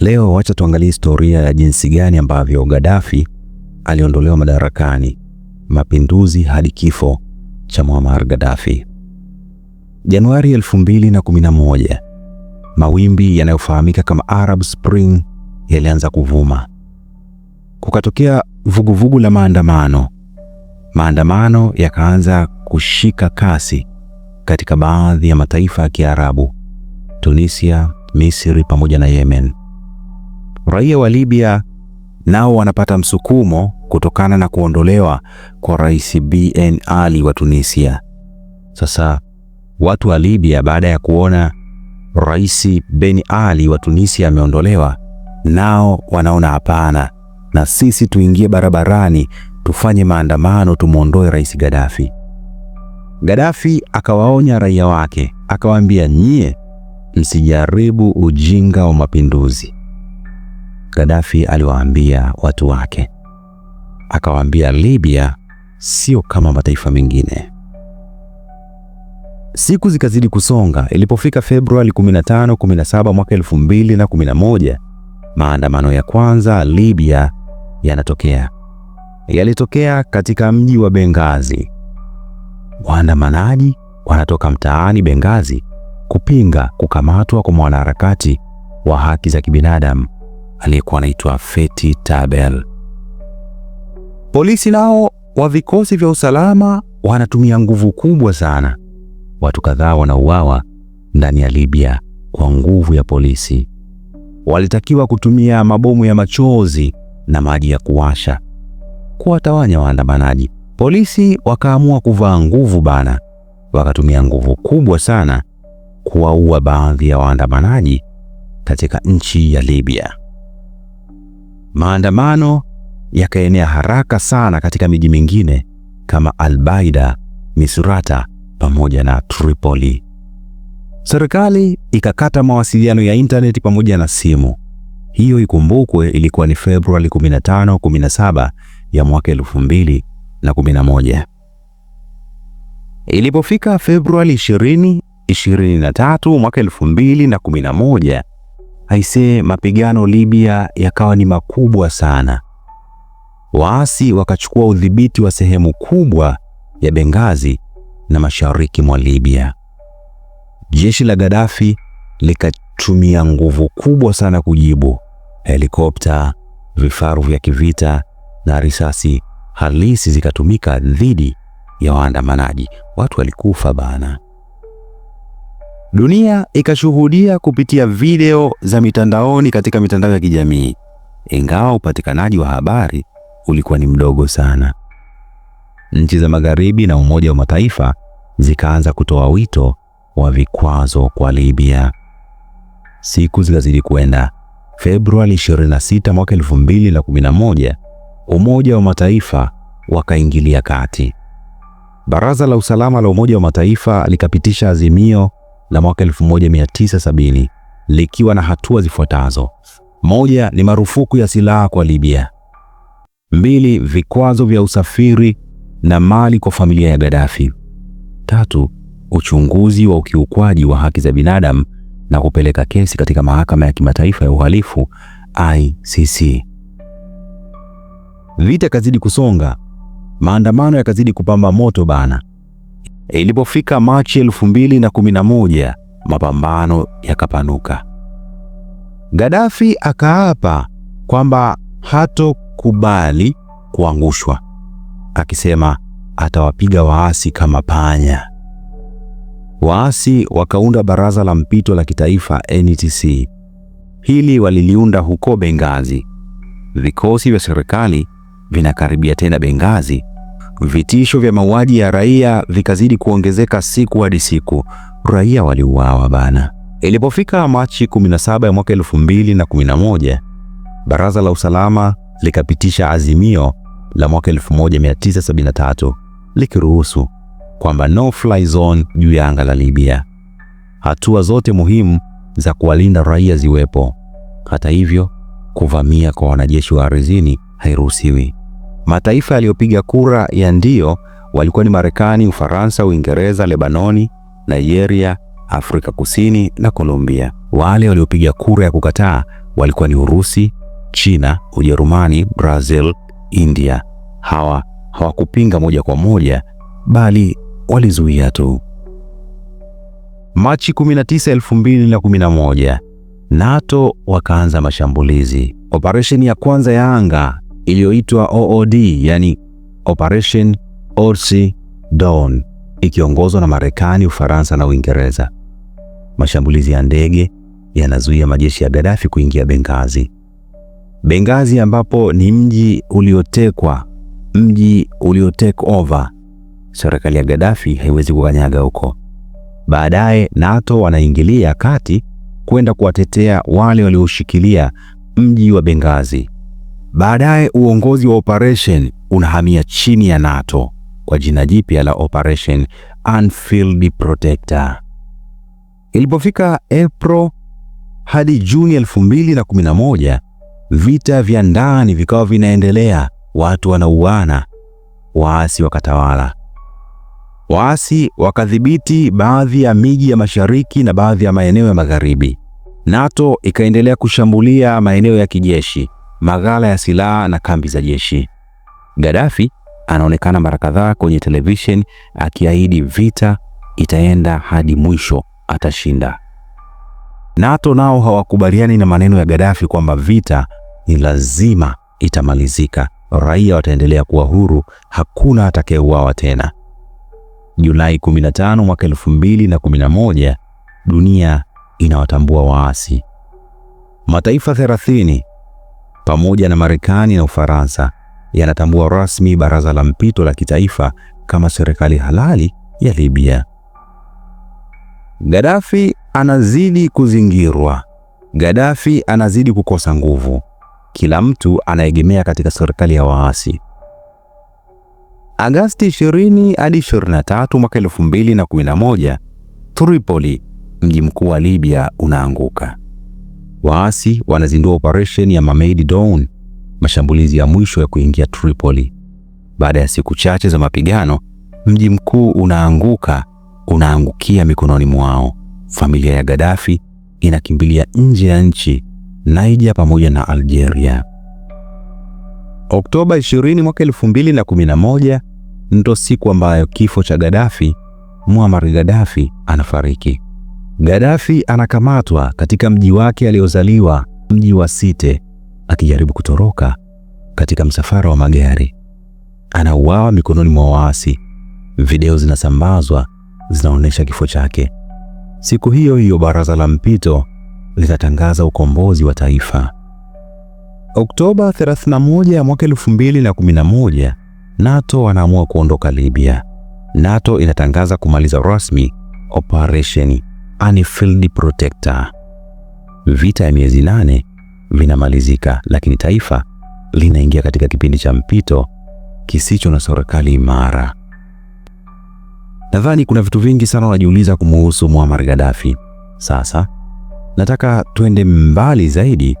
Leo wacha tuangalie historia ya jinsi gani ambavyo Gaddafi aliondolewa madarakani, mapinduzi hadi kifo cha Muammar Gaddafi. Januari 2011, mawimbi yanayofahamika kama Arab Spring yalianza kuvuma. Kukatokea vuguvugu la maandamano. Maandamano yakaanza kushika kasi katika baadhi ya mataifa ya Kiarabu, Tunisia, Misri pamoja na Yemen. Raia wa Libya nao wanapata msukumo kutokana na kuondolewa kwa Rais Ben Ali wa Tunisia. Sasa watu wa Libya baada ya kuona Rais Ben Ali wa Tunisia ameondolewa, nao wanaona hapana, na sisi tuingie barabarani tufanye maandamano tumwondoe Rais Gaddafi. Gaddafi akawaonya raia wake, akawaambia nyie msijaribu ujinga wa mapinduzi. Gaddafi aliwaambia watu wake, akawaambia Libya sio kama mataifa mengine. Siku zikazidi kusonga. Ilipofika Februari 15, 17 mwaka 2011, maandamano ya kwanza Libya yanatokea yalitokea katika mji wa Benghazi. Waandamanaji wanatoka mtaani Benghazi kupinga kukamatwa kwa mwanaharakati wa haki za kibinadamu aliyekuwa anaitwa Feti Tabel. Polisi nao wa vikosi vya usalama wanatumia nguvu kubwa sana. Watu kadhaa wanauawa ndani ya Libya kwa nguvu ya polisi. Walitakiwa kutumia mabomu ya machozi na maji ya kuwasha kuwatawanya waandamanaji. Polisi wakaamua kuvaa nguvu bana, wakatumia nguvu kubwa sana kuwaua baadhi ya waandamanaji katika nchi ya Libya. Maandamano yakaenea haraka sana katika miji mingine kama Albaida, Misurata pamoja na Tripoli. Serikali ikakata mawasiliano ya intaneti pamoja na simu. Hiyo ikumbukwe, ilikuwa ni Februari 15, 17 ya mwaka 2011. Ilipofika Februari 20, 23 mwaka 2011 Aisee, mapigano Libya yakawa ni makubwa sana. Waasi wakachukua udhibiti wa sehemu kubwa ya Benghazi na mashariki mwa Libya. Jeshi la Gaddafi likatumia nguvu kubwa sana kujibu: helikopta, vifaru vya kivita na risasi halisi zikatumika dhidi ya waandamanaji. Watu walikufa bana. Dunia ikashuhudia kupitia video za mitandaoni katika mitandao ya kijamii, ingawa upatikanaji wa habari ulikuwa ni mdogo sana. Nchi za Magharibi na Umoja wa Mataifa zikaanza kutoa wito wa vikwazo kwa Libya. Siku zikazidi kwenda. Februari 26 mwaka 2011, Umoja wa Mataifa wakaingilia kati. Baraza la Usalama la Umoja wa Mataifa likapitisha azimio la mwaka 1970 likiwa na hatua zifuatazo: moja, ni marufuku ya silaha kwa Libya; mbili, vikwazo vya usafiri na mali kwa familia ya Gaddafi; tatu, uchunguzi wa ukiukwaji wa haki za binadamu na kupeleka kesi katika mahakama ya kimataifa ya uhalifu ICC. Vita kazidi kusonga, maandamano yakazidi kupamba moto bana. Eh, ilipofika Machi 2011, mapambano yakapanuka. Gaddafi akaapa kwamba hatokubali kuangushwa, akisema atawapiga waasi kama panya. Waasi wakaunda baraza la mpito la kitaifa NTC. Hili waliliunda huko Benghazi. Vikosi vya serikali vinakaribia tena Benghazi Vitisho vya mauaji ya raia vikazidi kuongezeka siku hadi siku, raia waliuawa bana. Ilipofika Machi 17 ya mwaka 2011, Baraza la Usalama likapitisha azimio la mwaka 1973 likiruhusu kwamba no fly zone juu ya anga la Libya, hatua zote muhimu za kuwalinda raia ziwepo. Hata hivyo, kuvamia kwa wanajeshi wa ardhini hairuhusiwi. Mataifa yaliyopiga kura ya ndio walikuwa ni Marekani, Ufaransa, Uingereza, Lebanoni, Nigeria, Afrika Kusini na Colombia. Wale waliopiga kura ya kukataa walikuwa ni Urusi, China, Ujerumani, Brazil, India. Hawa hawakupinga moja kwa moja, bali walizuia tu. Machi 19, 2011, NATO wakaanza mashambulizi. Operesheni ya kwanza ya anga iliyoitwa OOD, yani Operation Orsi Dawn, ikiongozwa na Marekani, Ufaransa na Uingereza. Mashambulizi ya ndege yanazuia majeshi ya Gaddafi kuingia Benghazi. Benghazi ambapo ni mji uliotekwa, mji ulio take over. Serikali ya Gaddafi haiwezi kukanyaga huko. Baadaye NATO wanaingilia kati kwenda kuwatetea wale walioshikilia mji wa Benghazi. Baadaye uongozi wa operation unahamia chini ya NATO kwa jina jipya la Operation Anfield Protector. Ilipofika April hadi Juni 2011, vita vya ndani vikawa vinaendelea, watu wanauana, waasi wakatawala. Waasi wakadhibiti baadhi ya miji ya mashariki na baadhi ya maeneo ya magharibi. NATO ikaendelea kushambulia maeneo ya kijeshi maghala ya silaha na kambi za jeshi. Gaddafi anaonekana mara kadhaa kwenye televisheni akiahidi vita itaenda hadi mwisho, atashinda. NATO nao hawakubaliani na maneno ya Gaddafi kwamba vita ni lazima itamalizika, raia wataendelea kuwa huru, hakuna atakayeuawa tena. Julai 15 mwaka 2011, dunia inawatambua waasi. Mataifa pamoja na Marekani na Ufaransa yanatambua rasmi baraza la mpito la kitaifa kama serikali halali ya Libya. Gaddafi anazidi kuzingirwa. Gaddafi anazidi kukosa nguvu. Kila mtu anaegemea katika serikali ya waasi. Agasti 20 hadi 23 mwaka 2011, Tripoli, mji mkuu wa Libya, unaanguka waasi wanazindua operesheni ya Mermaid Dawn, mashambulizi ya mwisho ya kuingia Tripoli. Baada ya siku chache za mapigano, mji mkuu unaanguka, unaangukia mikononi mwao. Familia ya Gaddafi inakimbilia nje ya nchi, Niger pamoja na Algeria. Oktoba 20 mwaka 2011 ndo siku ambayo kifo cha Gaddafi, Muammar Gaddafi anafariki. Gaddafi anakamatwa katika mji wake aliozaliwa, mji wa Site, akijaribu kutoroka katika msafara wa magari. Anauawa mikononi mwa waasi. Video zinasambazwa zinaonyesha kifo chake. Siku hiyo hiyo baraza la mpito litatangaza ukombozi wa taifa. Oktoba 31 mwaka 2011, NATO wanaamua kuondoka Libya. NATO inatangaza kumaliza rasmi operesheni field Protector. Vita ya miezi nane vinamalizika, lakini taifa linaingia katika kipindi cha mpito kisicho na serikali imara. Nadhani kuna vitu vingi sana unajiuliza kumuhusu Muammar Gaddafi. Sasa nataka tuende mbali zaidi,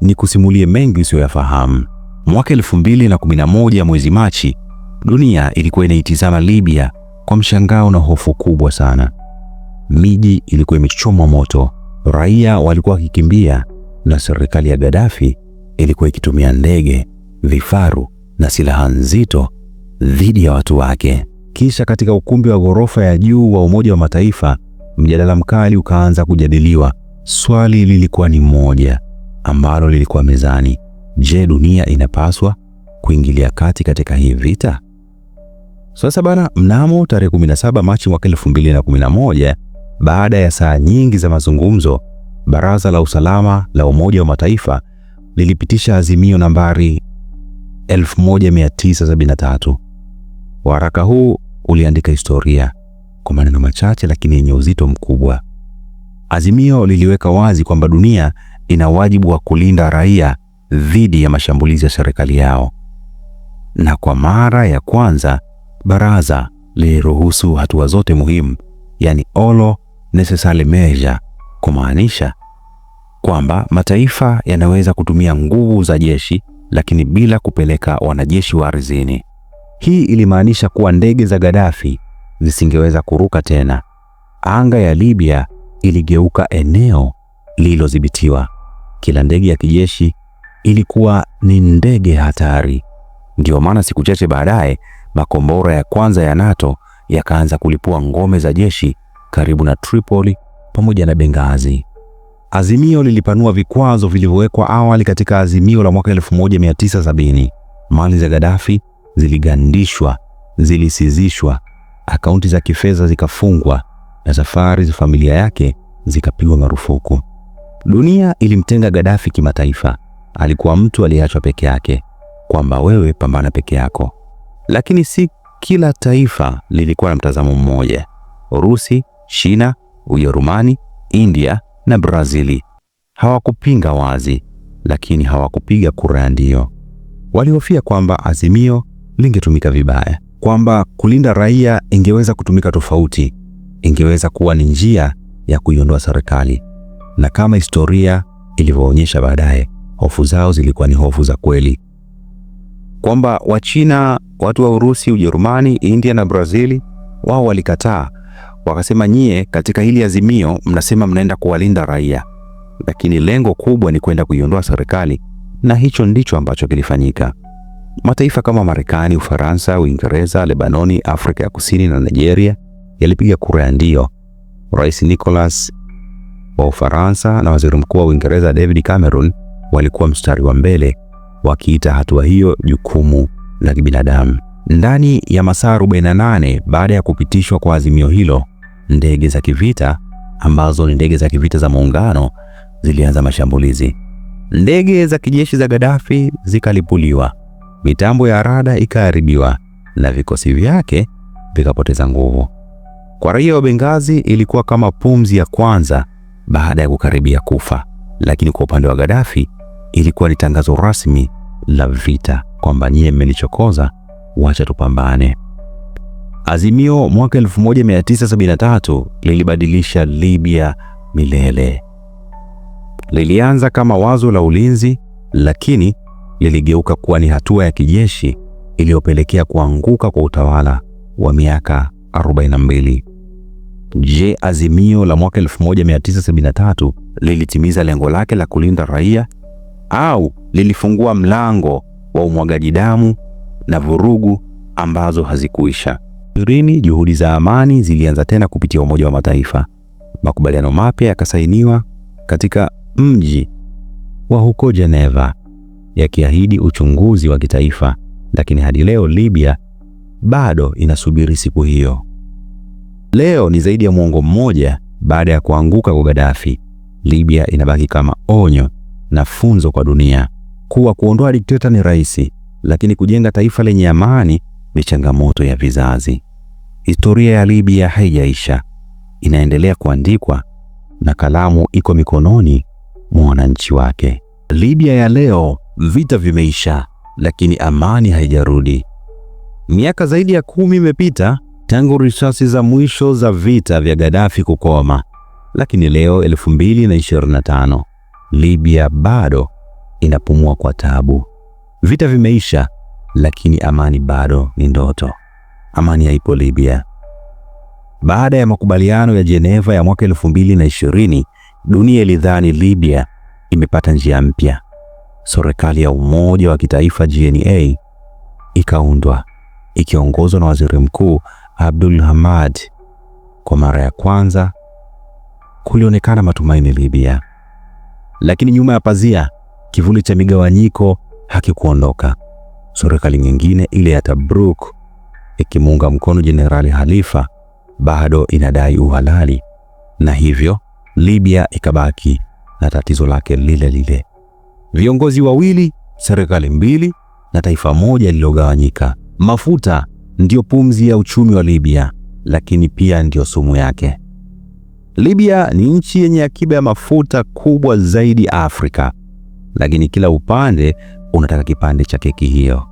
ni kusimulie mengi usiyoyafahamu. Mwaka moja mwezi Machi, dunia ilikuwa inaitizama Libya kwa mshangao na hofu kubwa sana miji ilikuwa imechomwa moto, raia walikuwa wakikimbia, na serikali ya Gaddafi ilikuwa ikitumia ndege, vifaru na silaha nzito dhidi ya watu wake. Kisha katika ukumbi wa ghorofa ya juu wa Umoja wa Mataifa, mjadala mkali ukaanza kujadiliwa. Swali lilikuwa ni moja ambalo lilikuwa mezani: je, dunia inapaswa kuingilia kati katika hii vita? Sasa bana, mnamo tarehe 17 Machi mwaka 2011 baada ya saa nyingi za mazungumzo, Baraza la Usalama la Umoja wa Mataifa lilipitisha azimio nambari 1973. Waraka huu uliandika historia kwa maneno machache lakini yenye uzito mkubwa. Azimio liliweka wazi kwamba dunia ina wajibu wa kulinda raia dhidi ya mashambulizi ya serikali yao, na kwa mara ya kwanza baraza liliruhusu hatua zote muhimu, yani olo necessary measure, kumaanisha kwamba mataifa yanaweza kutumia nguvu za jeshi lakini bila kupeleka wanajeshi wa ardhini. Hii ilimaanisha kuwa ndege za Gaddafi zisingeweza kuruka tena. Anga ya Libya iligeuka eneo lililodhibitiwa. Kila ndege ya kijeshi ilikuwa ni ndege hatari. Ndiyo maana siku chache baadaye makombora ya kwanza ya NATO yakaanza kulipua ngome za jeshi karibu na Tripoli pamoja na Benghazi. Azimio lilipanua vikwazo vilivyowekwa awali katika azimio la mwaka 1970. Mali za Gaddafi ziligandishwa, zilisizishwa, akaunti za kifedha zikafungwa na safari za familia yake zikapigwa marufuku. Dunia ilimtenga Gaddafi kimataifa. Alikuwa mtu aliyeachwa peke yake, kwamba wewe pambana peke yako. Lakini si kila taifa lilikuwa na mtazamo mmoja. Urusi China, Ujerumani, India na Brazili. Hawakupinga wazi, lakini hawakupiga kura ya ndio. Walihofia kwamba azimio lingetumika vibaya, kwamba kulinda raia ingeweza kutumika tofauti, ingeweza kuwa ni njia ya kuiondoa serikali. Na kama historia ilivyoonyesha baadaye, hofu zao zilikuwa ni hofu za kweli, kwamba Wachina, watu wa Urusi, Ujerumani, India na Brazili wao walikataa wakasema, nyie katika hili azimio mnasema mnaenda kuwalinda raia, lakini lengo kubwa ni kwenda kuiondoa serikali, na hicho ndicho ambacho kilifanyika. Mataifa kama Marekani, Ufaransa, Uingereza, Lebanoni, Afrika ya Kusini na Nigeria yalipiga kura ya ndio. Rais Nicolas wa Ufaransa na Waziri Mkuu wa Uingereza David Cameron walikuwa mstari wa mbele wakiita hatua hiyo jukumu la kibinadamu. Ndani ya masaa 48 baada ya kupitishwa kwa azimio hilo, ndege za kivita ambazo ni ndege za kivita za muungano zilianza mashambulizi. Ndege za kijeshi za Gaddafi zikalipuliwa, mitambo ya rada ikaharibiwa na vikosi vyake vikapoteza nguvu. Kwa raia wa Benghazi ilikuwa kama pumzi ya kwanza baada ya kukaribia kufa, lakini kwa upande wa Gaddafi ilikuwa ni tangazo rasmi la vita kwamba nyie mmenichokoza, wacha tupambane. Azimio mwaka 1973 lilibadilisha Libya milele. Lilianza kama wazo la ulinzi, lakini liligeuka kuwa ni hatua ya kijeshi iliyopelekea kuanguka kwa utawala wa miaka 42. Je, azimio la mwaka 1973 lilitimiza lengo lake la kulinda raia au lilifungua mlango wa umwagaji damu na vurugu ambazo hazikuisha? ishirini juhudi za amani zilianza tena kupitia Umoja wa Mataifa. Makubaliano mapya yakasainiwa katika mji wa huko Geneva yakiahidi uchunguzi wa kitaifa, lakini hadi leo Libya bado inasubiri siku hiyo. Leo ni zaidi ya mwongo mmoja baada ya kuanguka kwa Gaddafi, Libya inabaki kama onyo na funzo kwa dunia kuwa kuondoa dikteta ni rahisi, lakini kujenga taifa lenye amani ni changamoto ya vizazi. Historia ya Libya haijaisha, inaendelea kuandikwa na kalamu iko mikononi mwa wananchi wake. Libya ya leo, vita vimeisha, lakini amani haijarudi. Miaka zaidi ya kumi imepita tangu risasi za mwisho za vita vya Gaddafi kukoma, lakini leo 2025 Libya bado inapumua kwa taabu. Vita vimeisha, lakini amani bado ni ndoto amani haipo Libya. Baada ya makubaliano ya Geneva ya mwaka 2020, dunia ilidhani Libya imepata njia mpya. Serikali ya umoja wa kitaifa GNA ikaundwa ikiongozwa na waziri mkuu Abdul Hamad. Kwa mara ya kwanza kulionekana matumaini Libya, lakini nyuma ya pazia kivuli cha migawanyiko hakikuondoka. Serikali nyingine ile ya Tabruk ikimuunga mkono Jenerali Khalifa bado inadai uhalali na hivyo Libya ikabaki na tatizo lake lile lile. Viongozi wawili, serikali mbili na taifa moja lililogawanyika. Mafuta ndio pumzi ya uchumi wa Libya, lakini pia ndiyo sumu yake. Libya ni nchi yenye akiba ya mafuta kubwa zaidi Afrika, lakini kila upande unataka kipande cha keki hiyo.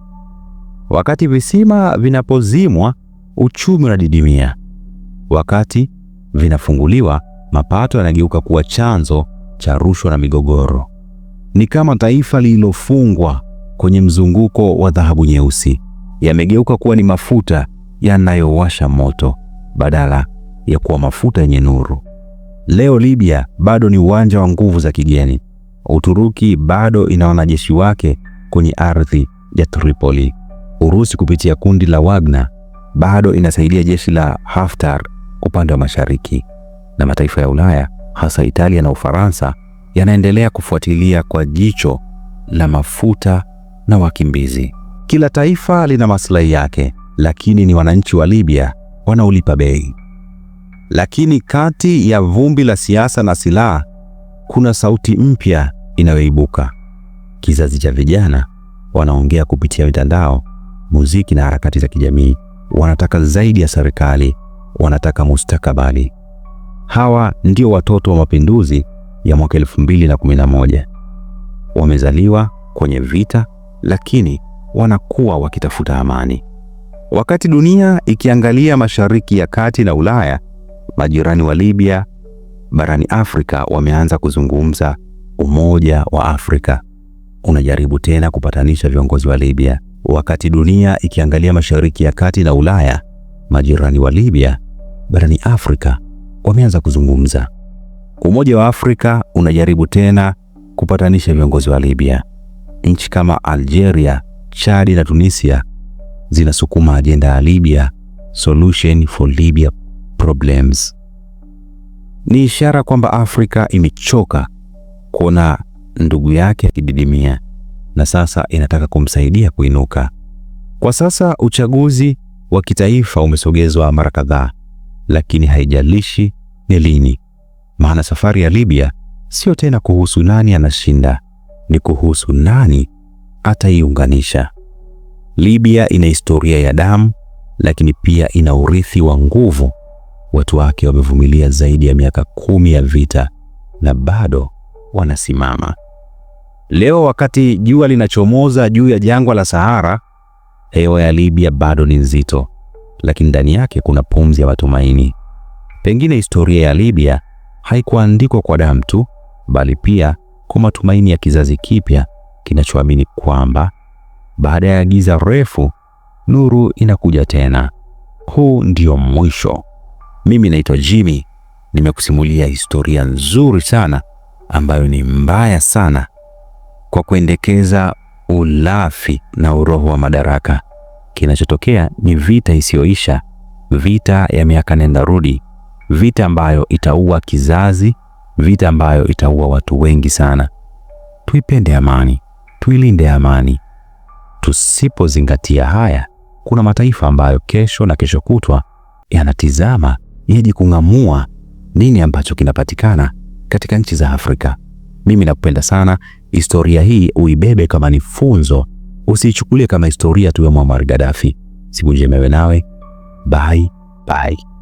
Wakati visima vinapozimwa, uchumi unadidimia. Wakati vinafunguliwa, mapato yanageuka kuwa chanzo cha rushwa na migogoro. Ni kama taifa lililofungwa kwenye mzunguko wa dhahabu nyeusi. Yamegeuka kuwa ni mafuta yanayowasha moto badala ya kuwa mafuta yenye nuru. Leo Libya bado ni uwanja wa nguvu za kigeni. Uturuki bado ina wanajeshi wake kwenye ardhi ya Tripoli. Urusi kupitia kundi la Wagner bado inasaidia jeshi la Haftar upande wa mashariki, na mataifa ya Ulaya hasa Italia na Ufaransa yanaendelea kufuatilia kwa jicho la mafuta na wakimbizi. Kila taifa lina maslahi yake, lakini ni wananchi wa Libya wanaolipa bei. Lakini kati ya vumbi la siasa na silaha kuna sauti mpya inayoibuka. Kizazi cha vijana wanaongea kupitia mitandao muziki na harakati za kijamii. Wanataka zaidi ya serikali, wanataka mustakabali. Hawa ndio watoto wa mapinduzi ya mwaka 2011. Wamezaliwa kwenye vita, lakini wanakuwa wakitafuta amani. Wakati dunia ikiangalia Mashariki ya Kati na Ulaya, majirani wa Libya barani Afrika wameanza kuzungumza. Umoja wa Afrika unajaribu tena kupatanisha viongozi wa Libya Wakati dunia ikiangalia Mashariki ya Kati na Ulaya, majirani wa Libya barani Afrika wameanza kuzungumza. Umoja wa Afrika unajaribu tena kupatanisha viongozi wa Libya. Nchi kama Algeria, chadi na Tunisia zinasukuma ajenda ya Libya, Solution for Libya Problems. Ni ishara kwamba Afrika imechoka kuona ndugu yake akididimia na sasa inataka kumsaidia kuinuka. Kwa sasa uchaguzi wa kitaifa umesogezwa mara kadhaa, lakini haijalishi ni lini, maana safari ya Libya sio tena kuhusu nani anashinda, ni kuhusu nani ataiunganisha. Libya ina historia ya damu, lakini pia ina urithi wa nguvu. Watu wake wamevumilia zaidi ya miaka kumi ya vita na bado wanasimama. Leo wakati jua linachomoza juu ya jangwa la Sahara, hewa ya Libya bado ni nzito, lakini ndani yake kuna pumzi ya matumaini. Pengine historia ya Libya haikuandikwa kwa damu tu, bali pia kwa matumaini ya kizazi kipya kinachoamini kwamba baada ya giza refu, nuru inakuja tena. Huu ndio mwisho. Mimi naitwa Jimmy, nimekusimulia historia nzuri sana ambayo ni mbaya sana kwa kuendekeza ulafi na uroho wa madaraka. Kinachotokea ni vita isiyoisha, vita ya miaka nenda rudi, vita ambayo itaua kizazi, vita ambayo itaua watu wengi sana. Tuipende amani, tuilinde amani. Tusipozingatia haya, kuna mataifa ambayo kesho na kesho kutwa yanatizama yaje kung'amua nini ambacho kinapatikana katika nchi za Afrika. Mimi nakupenda sana. Historia hii uibebe kama ni funzo, usiichukulie kama historia tu ya Muammar Gaddafi. Siku njema iwe nawe. Bye bye.